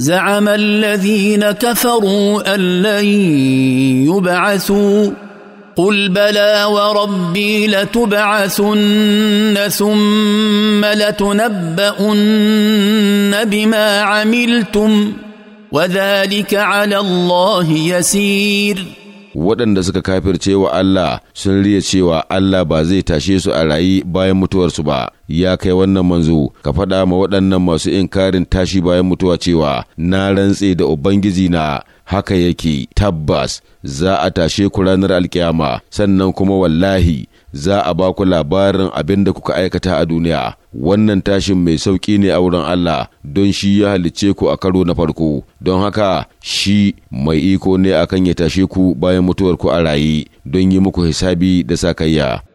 زعم الذين كفروا ان لن يبعثوا قل بلى وربي لتبعثن ثم لتنبؤن بما عملتم وذلك على الله يسير waɗanda suka kafirce wa Allah sun riya cewa Allah ba zai tashe su a rayi bayan mutuwarsu ba ya kai wannan manzo ka faɗa ma waɗannan masu inkarin tashi bayan mutuwa cewa na rantse da ubangiji na haka yake tabbas za a tashe ku ranar alkiyama sannan kuma wallahi za a ba ku labarin abin da kuka aikata a duniya wannan tashin mai sauƙi ne a wurin Allah don shi ya halicce ku a karo na farko don haka shi mai iko ne akan ya tashe ku bayan mutuwar ku a rayi don yi muku hisabi da sakayya